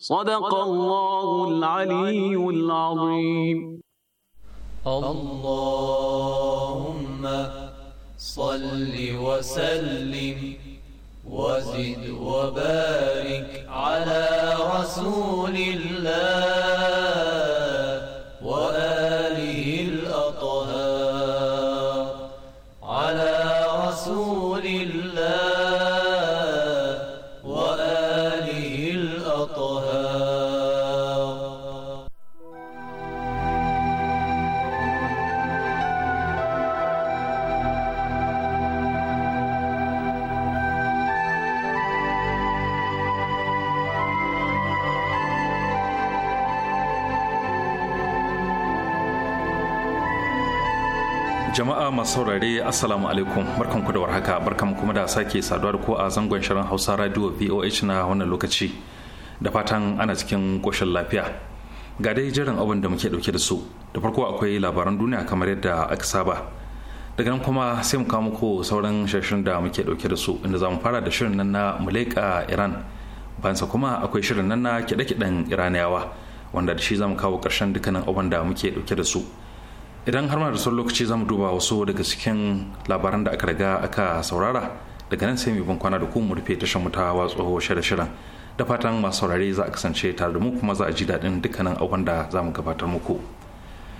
صدق الله العلي العظيم اللهم صل وسلم وزد وبارك على رسول الله وآله jama'a masu saurare assalamu alaikum barkan ku da warhaka barkan kuma da sake saduwa da ku a zangon shirin hausa radio voh na wannan lokaci da fatan ana cikin koshin lafiya ga dai jiran abin da muke dauke da su da farko akwai labaran duniya kamar yadda aka saba daga nan kuma sai mu kawo muku sauran shirin da muke dauke da su inda za mu fara da shirin nan na muleka iran bansa kuma akwai shirin nan na kiɗe-kiɗen iraniyawa wanda da shi za mu kawo karshen dukkanin abin da muke dauke da su idan har mana da son lokaci zamu duba wasu daga cikin labaran da aka riga aka saurara daga nan sai mu bin kwana da ku mu rufe tashar mu ta watso shirye-shiryen da fatan masu saurare za a kasance tare da mu kuma za a ji daɗin dukkanin abin da za mu gabatar muku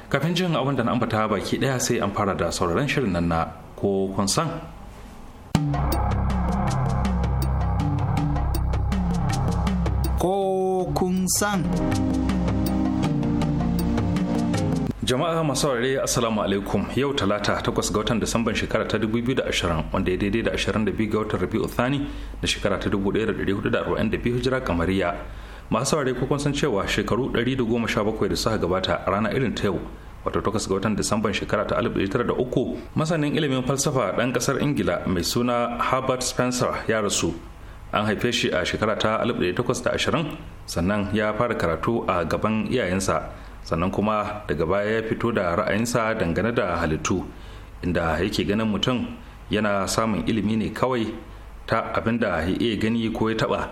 kafin jin abin da na ambata baki ɗaya sai an fara da sauraron shirin nan na ko kun san ko kun san jama'a masu saurare assalamu alaikum yau talata 8 ga watan disamban shekara ta 2020 wanda ya daidai da 22 ga watan rabi'u thani da shekara ta 1442 hijira kamariya masu saurare ko kun san cewa shekaru 117 da suka gabata a rana irin ta yau wato 8 ga watan disamban shekara ta 1903 masanin ilimin falsafa dan kasar ingila mai suna herbert spencer ya rasu an haife shi a shekara ta 1820 sannan ya fara karatu a gaban iyayensa sannan kuma daga baya ya fito da ra'ayinsa dangane da halittu inda yake ganin mutum yana samun ilimi ne kawai ta abin da ya iya gani ko ya taba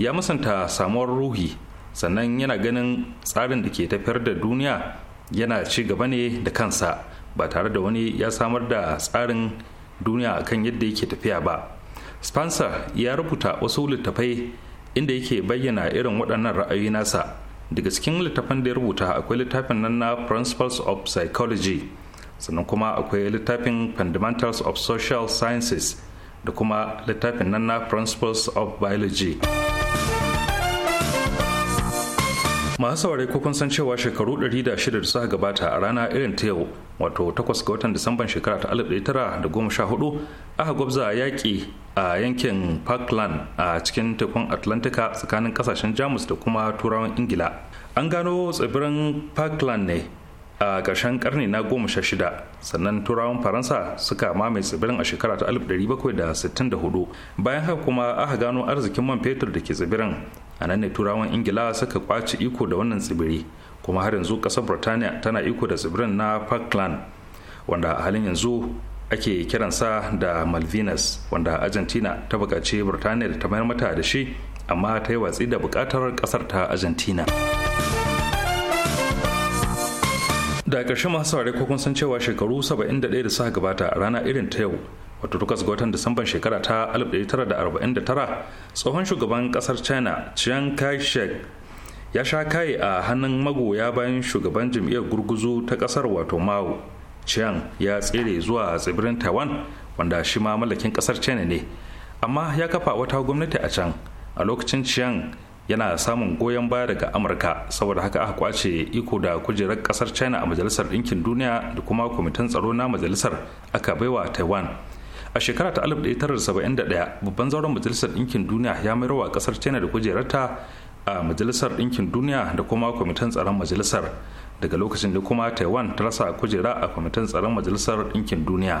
ya musanta samuwar ruhi sannan yana ganin tsarin da ke tafiyar da duniya yana ci gaba ne da kansa ba tare da wani ya samar da tsarin duniya akan yadda yake tafiya ba spencer ya rubuta wasu littafai inda yake bayyana irin waɗannan ra'ayi nasa daga cikin littafan da ya rubuta akwai littafin nan na principles of psychology sannan kuma akwai littafin fundamentals of social sciences da kuma littafin nan na principles of biology masu saurare ko kun san cewa shekaru 106 da suka gabata a rana irin ta yau wato 8 ga watan disamban shekara ta 1914 aka gwabza yaƙi a yankin parkland a cikin tekun atlantika tsakanin kasashen jamus da kuma turawan ingila an gano tsibirin parkland ne a ƙarshen karni na goma sha shida sannan turawan faransa suka mamaye tsibirin a shekara ta da da sittin hudu bayan haka kuma aka gano arzikin man fetur da ke tsibirin a nan ne turawan ingila suka kwace iko da wannan tsibiri kuma har yanzu ƙasar burtaniya tana iko da tsibirin na falkland wanda a halin yanzu ake kiransa da malvinas wanda argentina ta buƙaci burtaniya da ta mayar mata da shi amma ta yi watsi da buƙatar ƙasar ta argentina da ƙarshen masu saurare ko kun san cewa shekaru 71 da suka gabata a rana irin ta yau wato takwas ga watan disamban shekara ta 1949 tsohon shugaban kasar china chiang kai-shek ya sha kai a hannun magoya bayan shugaban jam'iyyar gurguzu ta kasar wato mao chiang ya tsere zuwa tsibirin taiwan wanda shi ma mallakin ƙasar china ne amma ya kafa wata gwamnati a can a lokacin chiang yana samun goyon baya daga amurka saboda haka aka kwace iko da kujerar kasar china a majalisar ɗinkin duniya da kuma kwamitin tsaro na majalisar aka baiwa taiwan a shekara ta 1971 babban zauren majalisar ɗinkin duniya ya mayar wa kasar china da kujerarta a majalisar ɗinkin duniya da kuma kwamitin tsaron majalisar daga lokacin da kuma taiwan ta rasa kujera a kwamitin tsaron majalisar ɗinkin duniya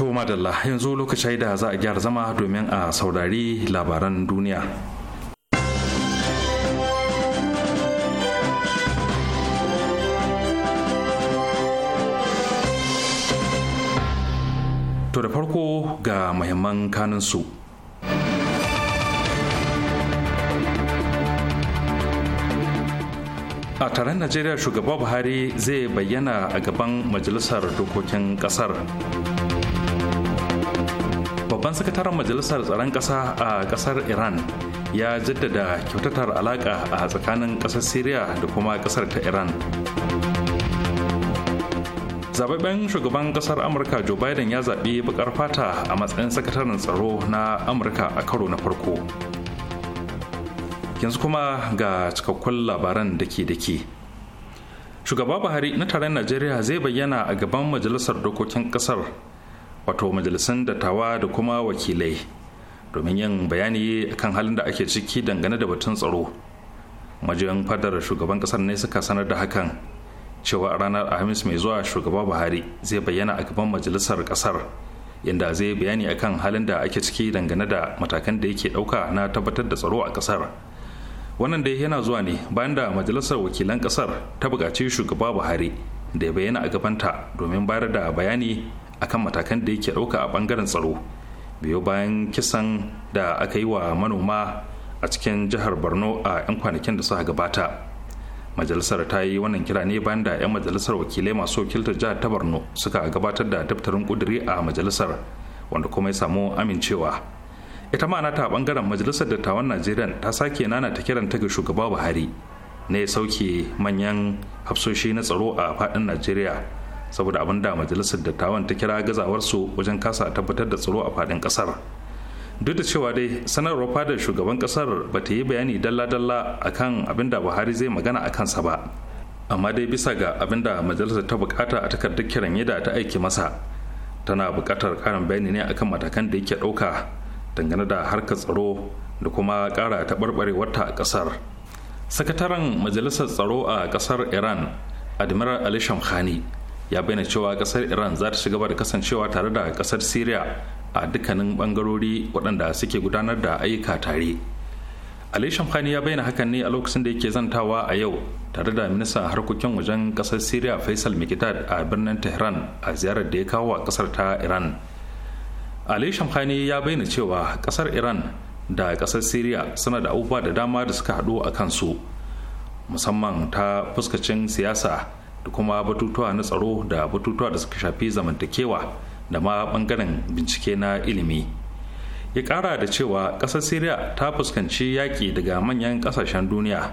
To madalla yanzu lokacin da za a gyara zama domin a saurari labaran duniya. To da farko ga muhimman kaninsu. su. a taron najeriya shugaba buhari zai bayyana a gaban majalisar dokokin kasar babban sakataren majalisar tsaron ƙasa a ƙasar iran ya jaddada kyautatar alaƙa a tsakanin ƙasar syria da kuma ƙasar ta iran zababben shugaban ƙasar amurka joe biden ya zaɓi baƙar fata a matsayin sakataren tsaro na amurka a karo na farko yanzu kuma ga cikakkun labaran da ke da ke shugaba buhari na taron najeriya zai bayyana a gaban majalisar dokokin ƙasar wato majalisun dattawa da kuma wakilai domin yin bayani kan halin da ake ciki dangane da batun tsaro majiyan fadar shugaban kasar ne suka sanar da hakan cewa ranar alhamis mai zuwa shugaba buhari zai bayyana a gaban majalisar kasar inda zai bayani akan halin da ake ciki dangane da matakan da yake dauka na tabbatar da tsaro a kasar wannan dai yana zuwa ne bayan da majalisar wakilan kasar ta bukaci shugaba buhari da ya bayyana a gabanta domin bayar da bayani akan matakan da yake ɗauka a ɓangaren tsaro biyo bayan kisan da aka yi wa manoma a cikin jihar borno a 'yan kwanakin da suka gabata majalisar ta yi wannan kira ne bayan da 'yan majalisar wakilai masu wakiltar jihar ta borno suka gabatar da daftarin kuduri a majalisar wanda kuma ya samu amincewa ita ma ta bangaren majalisar dattawan najeriya ta sake nana ta kiran ta ga shugaba buhari ne ya sauke manyan hafsoshi na tsaro a faɗin najeriya saboda abin da majalisar dattawan ta kira gazawar su wajen kasa tabbatar da tsaro a fadin ƙasar duk da cewa dai sanarwar fadar shugaban ƙasar ba ta yi bayani dalla-dalla akan abin da buhari zai magana a kansa ba amma dai bisa ga abin da majalisar ta bukata a takardar kiran yadda ta aiki masa tana bukatar ƙarin bayani ne akan matakan da yake ɗauka dangane da harkar tsaro da kuma ƙara taɓarɓarewarta a ƙasar sakataren majalisar tsaro a ƙasar iran admiral ali shamkhani ya bayyana cewa kasar iran za ta ci gaba da kasancewa tare da kasar syria a dukkanin bangarori waɗanda suke gudanar da ayyuka tare ali shamkhani ya bayyana hakan ne a lokacin da yake zantawa a yau tare da ministan harkokin wajen kasar syria faisal mikitad a birnin tehran a ziyarar da ya kawo a kasar ta iran ali shamkhani ya bayyana cewa kasar iran da kasar syria suna da abubuwa da dama da suka haɗu a kansu musamman ta fuskacin siyasa da kuma batutuwa na tsaro da batutuwa da suka shafi zamantakewa da ma bangaren bincike na ilimi ya kara da cewa kasar syria ta fuskanci yaƙi daga manyan ƙasashen duniya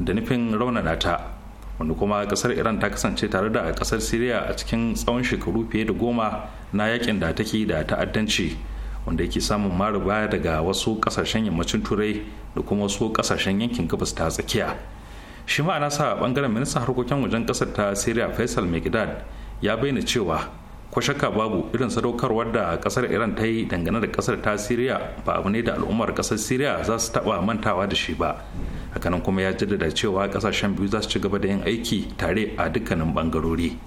da nufin raunana ta wanda kuma ƙasar iran ta kasance tare da ƙasar syria a cikin tsawon shekaru fiye da goma na yakin da take da ta'addanci wanda yake samun mara baya daga wasu ƙasashen yammacin turai da kuma wasu ƙasashen yankin gabas ta tsakiya shi ma ana sa bangaren ministan harkokin wajen kasar ta syria faisal mekdad ya bayyana cewa ko shakka babu irin sadaukarwar da kasar iran ta yi dangane da kasar ta syria ba abu ne da al'ummar kasar syria za su taba mantawa da shi ba hakanan kuma ya jaddada cewa kasashen biyu za su ci gaba da yin aiki tare a dukkanin bangarori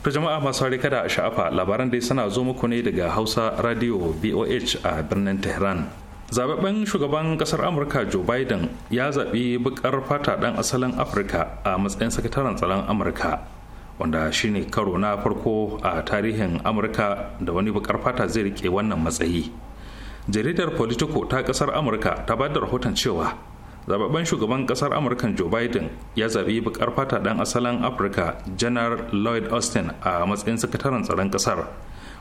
ta jama'a masu harika da sha'afa labaran dai suna zo muku ne daga hausa radio boh a birnin tehran zababben shugaban kasar amurka joe biden ya zaɓi bukar fata ɗan asalin afirka a matsayin sakataren tsaron amurka wanda shine karo na farko a tarihin amurka da wani bakar fata zai rike wannan matsayi jaridar politico ta kasar amurka ta bada da rahoton cewa zababben shugaban kasar amurka joe biden ya zabi bukar fata dan asalin afirka janar lloyd austin a matsayin sakataren tsaron kasar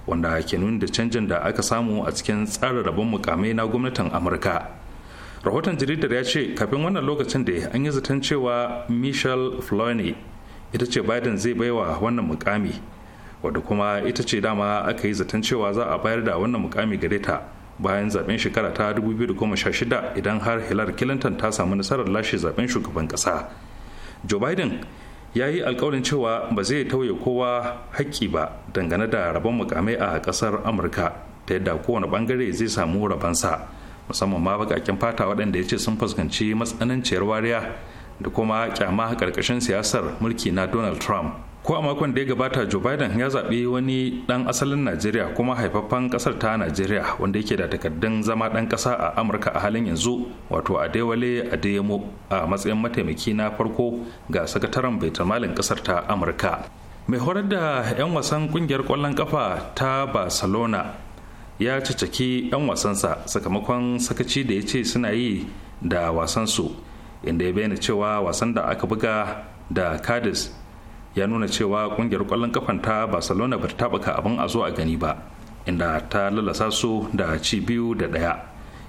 wanda ke nuni da canjin da aka samu a cikin tsara rabon mukamai na gwamnatin amurka rahoton jaridar ya ce kafin wannan lokacin da an yi zaton cewa michelle floney ita ce biden zai baiwa wannan mukami wadda kuma ita ce dama aka yi zaton cewa za a bayar da wannan mukami gare ta bayan zaben shekara ta 2016 idan har hillary clinton ta samu nasarar lashe zaben shugaban kasa joe biden ya yi alkawarin cewa ba zai tauye kowa haƙƙi ba dangane da rabon mukamai a ƙasar amurka ta yadda kowane bangare zai samu rabansa musamman ma baƙaƙen fata waɗanda ya ce sun fuskanci matsananciyar wariya da kuma kyama ƙarƙashin siyasar mulki na donald trump ko a makon da ya gabata joe biden ya zaɓi wani ɗan asalin najeriya kuma haifaffen ƙasar ta najeriya wanda yake da takardun zama ɗan ƙasa a amurka a halin yanzu wato adewale adeyemo a matsayin mataimaki na farko ga sakataren baitamalin ƙasar ta amurka mai horar da 'yan wasan ƙungiyar ƙwallon kafa ta barcelona ya cacaki 'yan wasansa sakamakon sakaci da ya ce suna yi da wasansu inda ya bayyana cewa wasan da aka buga da cadiz ya nuna cewa kungiyar kwallon kafan ta barcelona ba ta taɓuka abin a zo a gani ba inda ta lalasa su da ci biyu da ɗaya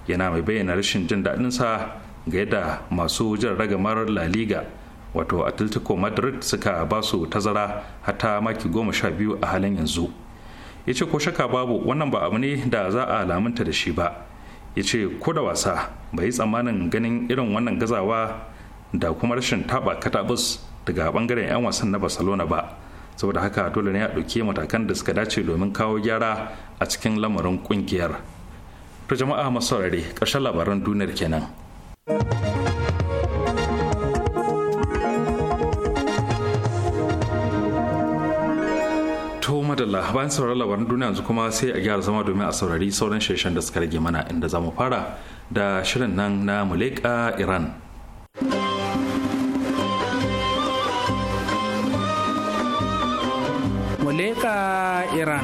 yana mai bayyana rashin jin daɗinsa ga yadda masu jin ragamar la liga wato atletico madrid suka ba su tazara hata maki goma sha biyu a halin yanzu ya ce ko shaka babu wannan ba abu ne da za a lamunta da shi ba ya ce ko da wasa bai yi tsammanin ganin irin wannan gazawa da kuma rashin taba katabus daga bangaren 'yan wasan na barcelona ba saboda haka dole ne a ɗauki matakan da suka dace domin kawo gyara a cikin lamarin ƙungiyar to jama'a masu saurare ƙarshen labaran duniyar kenan to madalla bayan sauraron labaran duniya yanzu kuma sai a gyara zama domin a saurari sauran sheshen da suka rage mana inda za mu fara da shirin nan na muleka iran leka iran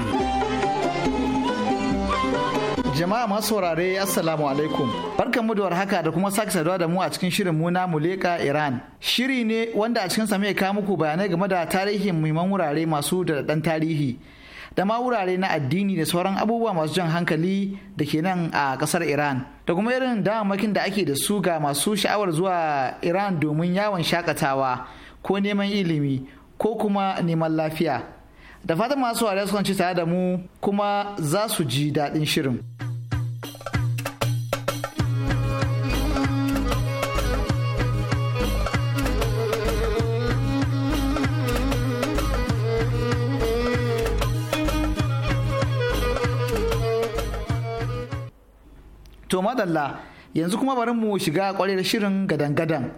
jama'a masu saurare assalamu alaikum barkan da haka da kuma sake saduwa da mu a cikin shirin mu na muleka iran shiri ne wanda a cikin sa mai kawo muku bayanai game da tarihin muhimman wurare masu da tarihi da ma wurare na addini da sauran abubuwa masu jan hankali da ke nan a kasar iran da kuma irin damammakin da ake da su ga masu sha'awar zuwa iran domin yawon shakatawa ko neman ilimi ko kuma neman lafiya da fatan masu wariya su kwanci tare da mu kuma za su ji daɗin shirin. To madalla yanzu kuma bari mu shiga kwarar shirin gadan-gadan.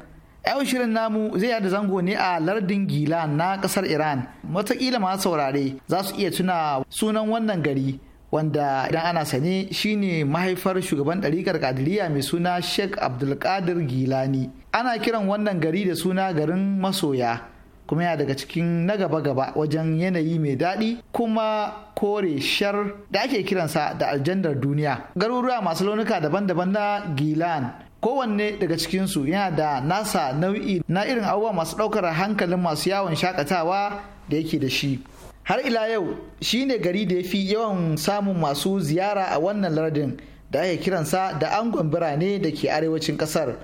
yau shirin namu zai yada zango ne a lardin gila na kasar iran matakila masu saurare za su iya tuna sunan wannan gari wanda idan ana sane shine mahaifar shugaban ɗarikar kadiriya mai suna sheikh abdulkadir gilani ana kiran wannan gari da suna garin masoya kuma yana daga cikin na gaba-gaba wajen yanayi mai daɗi kuma kore shar da ake kiransa da aljandar duniya garuruwa masu launuka daban-daban na gilan kowanne daga cikinsu yana da nasa nau'i na irin abubuwa masu ɗaukar hankalin masu yawon shakatawa da yake da shi har ila yau shi ne gari da ya fi yawan samun masu ziyara a wannan lardin da ake kiransa da angon birane da ke arewacin ƙasar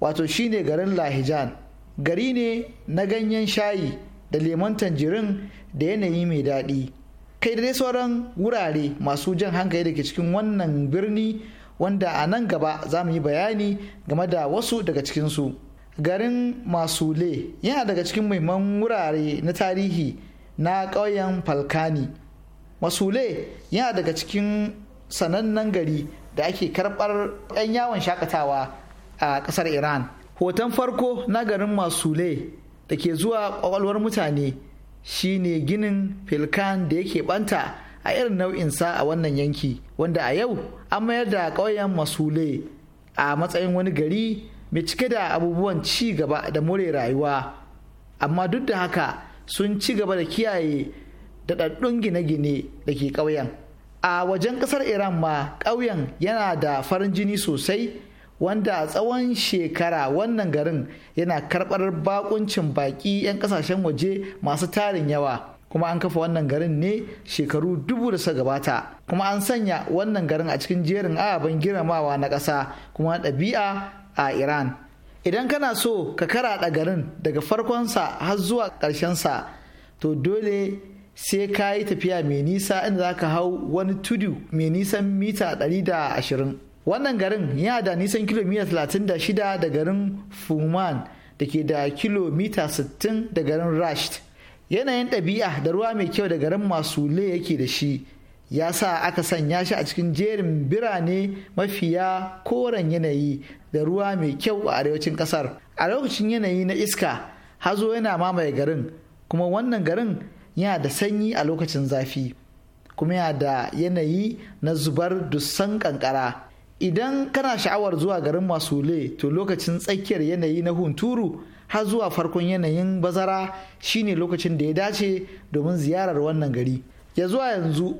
wato shi ne garin lahijan gari ne na ganyen shayi da lemon tanjirin da yanayi mai daɗi kai da dai sauran wurare masu jan hankali da ke cikin wannan birni wanda a nan gaba za mu yi bayani game da wasu daga cikinsu garin masule yana daga cikin muhimman wurare na tarihi na ƙauyen falkani masule yana daga cikin sanannen gari da ake karɓar 'yan yawon shakatawa a ƙasar iran hoton farko na garin masule da ke zuwa ƙwaƙwalwar mutane shine ginin filkan da yake ɓanta. a irin nau'in sa a wannan yanki wanda a yau an mayar da ƙauyen masule a matsayin wani gari mai cike da abubuwan ci gaba da more rayuwa amma duk da haka sun ci gaba da kiyaye daɗaɗɗun gine-gine da ke ƙauyen a wajen ƙasar iran ma ƙauyen yana da farin jini sosai wanda a tsawon shekara wannan garin yana karɓar bakuncin baƙi 'yan ƙasashen waje masu tarin yawa kuma an kafa wannan garin ne shekaru dubu da gabata kuma an sanya wannan garin a cikin jerin ababen girmamawa na ƙasa kuma ɗabi'a a iran idan kana so ka karaɗa garin daga farkonsa har zuwa sa to dole sai ka yi tafiya mai nisa inda za ka hau wani tudu mai nisan mita 120 wannan garin yana da nisan kilomita 36 da garin fuman da ke da kilomita 60 da garin rasht yanayin ɗabi'a da ruwa mai kyau da garin masule yake da shi ya sa aka sanya shi a cikin jerin birane mafiya koren yanayi da ruwa mai kyau a arewacin ƙasar. a lokacin yanayi na iska hazo yana mamaye garin kuma wannan garin yana da sanyi a lokacin zafi kuma yana da yanayi na zubar dusan kankara idan kana sha'awar zuwa garin masule to lokacin tsakiyar yanayi na hunturu har zuwa farkon yanayin bazara shine lokacin da ya dace domin ziyarar wannan gari ya zuwa yanzu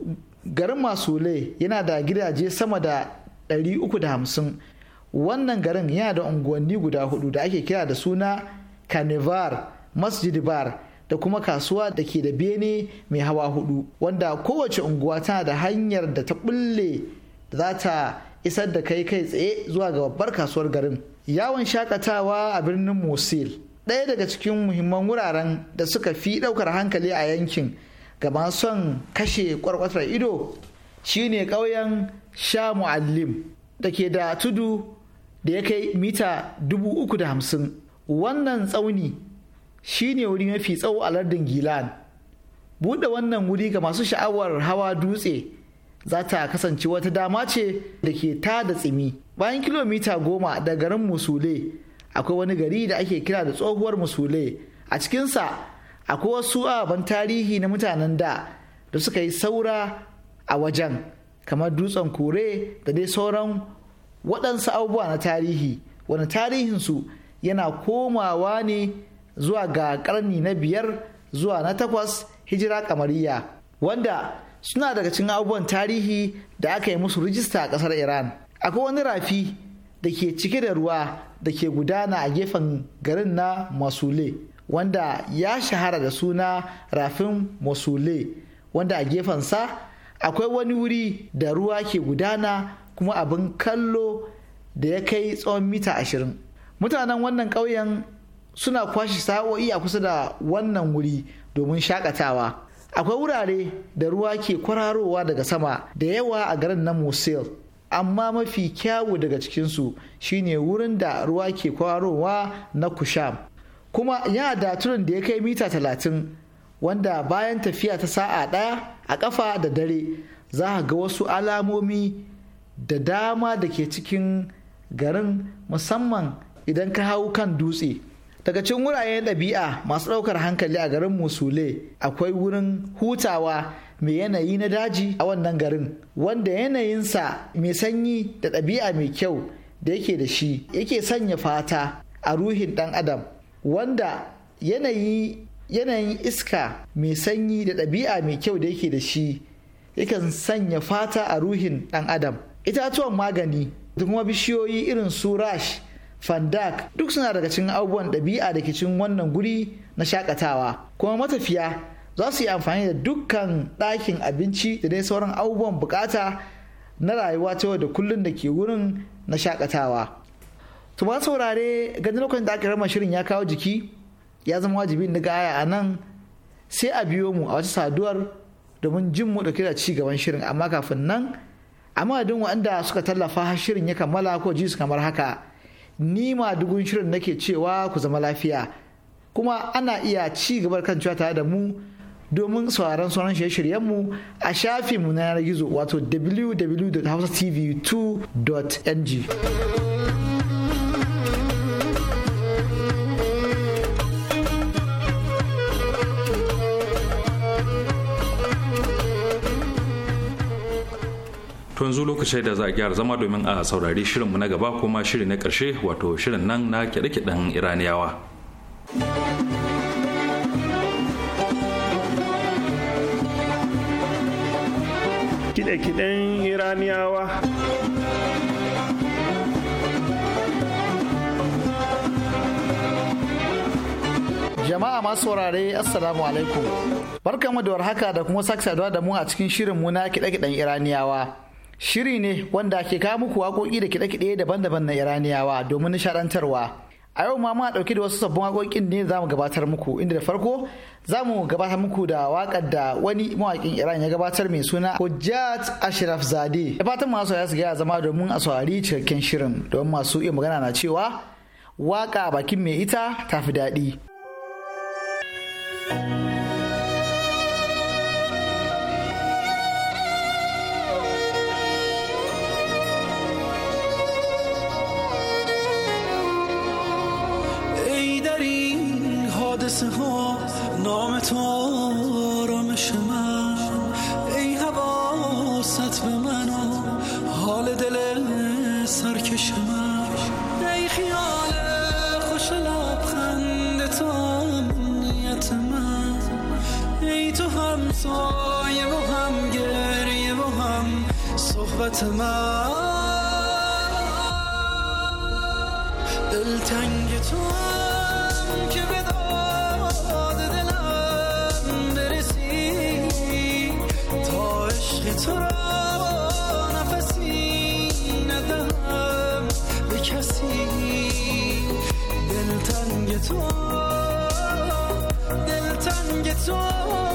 garin masule yana da gidaje sama da 350 wannan garin yana da unguwanni guda hudu da ake kira da suna kanivar masjid bar da kuma kasuwa da ke da bene mai hawa hudu wanda kowace unguwa tana da hanyar da ta bulle da za ta isar da kai kai tsaye zuwa ga babbar kasuwar garin yawon shakatawa a birnin mosul ɗaya daga cikin muhimman wuraren da suka fi ɗaukar hankali a yankin gaba son kashe kwarkwatar ido shine ƙauyen sha mu'allim da ke da tudu da ya kai mita dubu uku da hamsin wannan tsauni shine wuri mafi tsawo a lardin gilan buɗe wannan wuri ga masu sha'awar hawa dutse za ta kasance wata dama ce da ke ta da tsimi bayan kilomita goma da garin musule akwai wani gari da ake kira da tsohuwar musule a cikinsa akwai wasu ababen tarihi na mutanen da da suka yi saura a wajen kamar dutsen kore da dai sauran waɗansu abubuwa na tarihi wani tarihinsu yana komawa ne zuwa ga ƙarni na biyar zuwa na takwas hijira kamariya wanda suna daga cikin abubuwan tarihi da aka yi musu rijista a ƙasar iran akwai wani rafi da ke cike da ruwa da ke gudana a gefen garin na masule wanda ya shahara da suna rafin masule wanda a gefen sa, akwai wani wuri da ruwa ke gudana kuma abin kallo da ya kai tsawon mita ashirin mutanen wannan ƙauyen suna kwashe sa'o'i a kusa da wannan wuri domin shakatawa akwai wurare da ruwa ke kwararowa daga sama da yawa a garin na mosul amma mafi kyawu daga cikinsu shine wurin da ruwa ke kwarowa na kusham kuma ya da turin da ya kai mita talatin wanda bayan tafiya ta sa'a ɗaya a ƙafa da dare za a ga wasu alamomi da dama da ke cikin garin musamman idan ka hau kan dutse daga cikin wuraren ɗabi'a masu ɗaukar hankali a garin musule akwai wurin hutawa mai yanayi na daji a wannan garin wanda yanayinsa mai sanyi da ɗabi'a mai kyau da yake da shi yake sanya fata a ruhin ɗan adam wanda yanayi yanayin iska mai sanyi da ɗabi'a mai kyau da yake da shi yakan sanya fata a ruhin ɗan adam itatuwan magani da kuma bishiyoyi irin su rash fandak duk suna daga cikin abubuwan ɗabi'a da ke cikin wannan guri na shakatawa kuma matafiya za su yi amfani da dukkan ɗakin abinci da dai sauran abubuwan bukata na rayuwa ta yau da kullum da ke wurin na shakatawa. To saurare ganin lokacin da aka rama shirin ya kawo jiki ya zama wajibi na gaya a nan sai a biyo mu a wata saduwar domin jin mu ɗauke da ci gaban shirin amma kafin nan a madadin waɗanda suka tallafa shirin ya kammala ko ji su kamar haka ni ma dugun shirin nake cewa ku zama lafiya kuma ana iya ci gabar kan cewa tare da mu domin sauraron sauran shirye-shiryenmu a shafin mu na yanar gizo wato www.hausatv2.ng yanzu lokacin da za a gyara zama domin a saurari shirinmu na gaba kuma shiri na ƙarshe wato shirin nan na kyaɗe-kyaɗen iraniyawa kide-kiden iraniyawa jama'a masu saurare assalamu alaikum barkan mu da warhaka da kuma sake saduwa da mu a cikin shirin mu na kiɗe-kiɗen iraniyawa shiri ne wanda ke kawo muku waƙoƙi da kiɗe-kiɗe daban-daban na iraniyawa domin nishadantarwa. a yau ma muna dauke da wasu sabbin waƙoƙin ne za mu gabatar muku inda da farko za mu gabatar muku da waƙar da wani mawaƙin iran ya gabatar mai suna hujjat ashraf zade da fatan masu ya su gaya zama domin a saurari cikakken shirin don masu iya magana na cewa waƙa bakin mai ita tafi daɗi. آرام تو آرامش من ای حواست به من حال دل سرکش من ای خیال خوش لبخند تو امنیت من ای تو سایه و هم گریه و هم صحبت من دلتنگ تو تو دلتنگ تو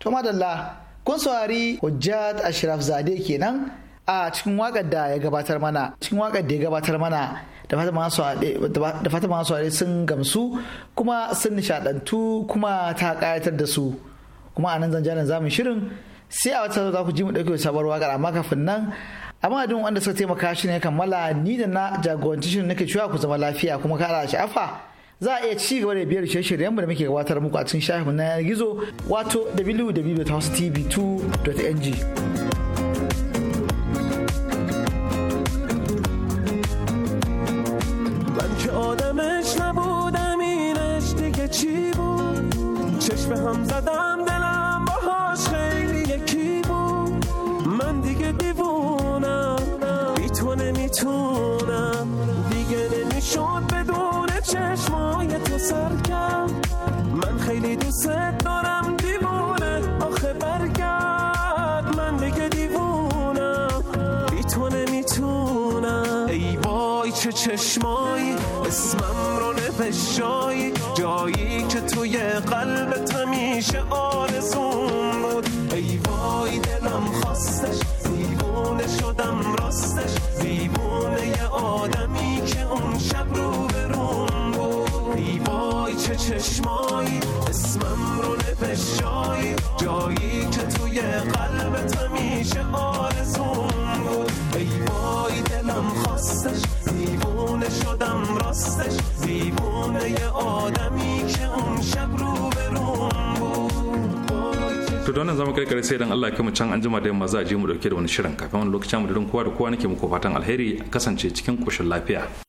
to madalla kun saurari hujjat ashraf zade kenan a cikin wakar da ya gabatar mana cikin wakar da ya gabatar mana da fata masu saurari sun gamsu kuma sun nishadantu kuma ta kayatar da su kuma a nan zanjanin zamun shirin sai a wata za ku ji mu ɗauke sabuwar wakar amma kafin nan amma duk wanda suka taimaka shi ne kammala ni da na jagoranci shirin nake cewa ku zama lafiya kuma kara afa za a iya ci gaba da biyar shirye-shiryen mu da muke gabatar muku a cikin shafin na yanar gizo wato wwwtv 2ng show you. to don zamu kirkire sai dan Allah kuma can anjima da yamma za a je mu dauke da wani shirin kafin wani lokacin mu da kowa da kowa nake muku fatan alheri kasance cikin koshin lafiya